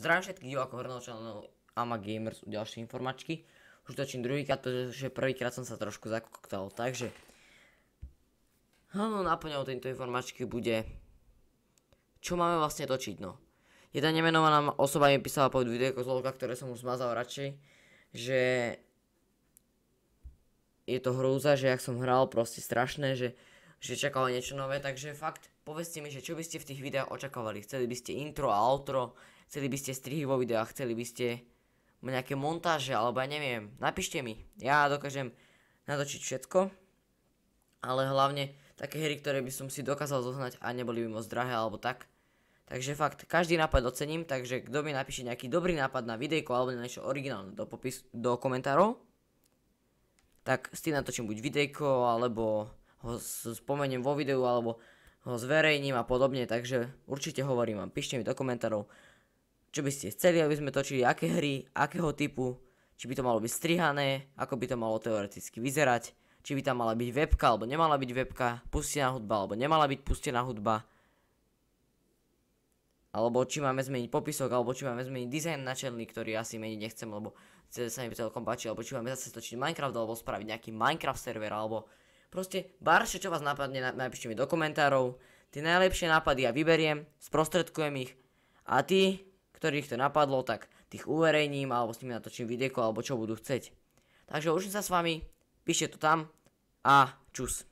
Zdravím všetkých divákov hrnou členov Ama Gamers u ďalšej informačky. Už točím druhýkrát, pretože prvýkrát som sa trošku zakoktal, takže... Hlavnou náplňou tejto informačky bude... Čo máme vlastne točiť, no. Jedna nemenovaná osoba mi písala pod videjko zlovka, ktoré som už zmazal radšej, že... Je to hrúza, že ak som hral, proste strašné, že, že čakalo niečo nové, takže fakt Povedzte mi, že čo by ste v tých videách očakávali. Chceli by ste intro a outro, chceli by ste strihy vo videách, chceli by ste nejaké montáže, alebo ja neviem. Napíšte mi, ja dokážem natočiť všetko, ale hlavne také hry, ktoré by som si dokázal zohnať a neboli by moc drahé alebo tak. Takže fakt, každý nápad ocením, takže kto mi napíše nejaký dobrý nápad na videjko alebo na niečo originálne do, popis, do komentárov, tak s tým natočím buď videjko, alebo ho spomeniem vo videu, alebo ho zverejním a podobne, takže určite hovorím vám, píšte mi do komentárov, čo by ste chceli, aby sme točili, aké hry, akého typu, či by to malo byť strihané, ako by to malo teoreticky vyzerať, či by tam mala byť webka alebo nemala byť webka, pustená hudba alebo nemala byť pustená hudba, alebo či máme zmeniť popisok, alebo či máme zmeniť dizajn načelný, ktorý asi meniť nechcem, lebo sa mi celkom páči, alebo či máme zase točiť Minecraft, alebo spraviť nejaký Minecraft server, alebo Proste barše, čo vás napadne, napíšte mi do komentárov. Tie najlepšie nápady ja vyberiem, sprostredkujem ich a tí, ktorých to napadlo, tak tých uverejním alebo s nimi natočím videko alebo čo budú chcieť. Takže už sa s vami, píšte to tam a čus.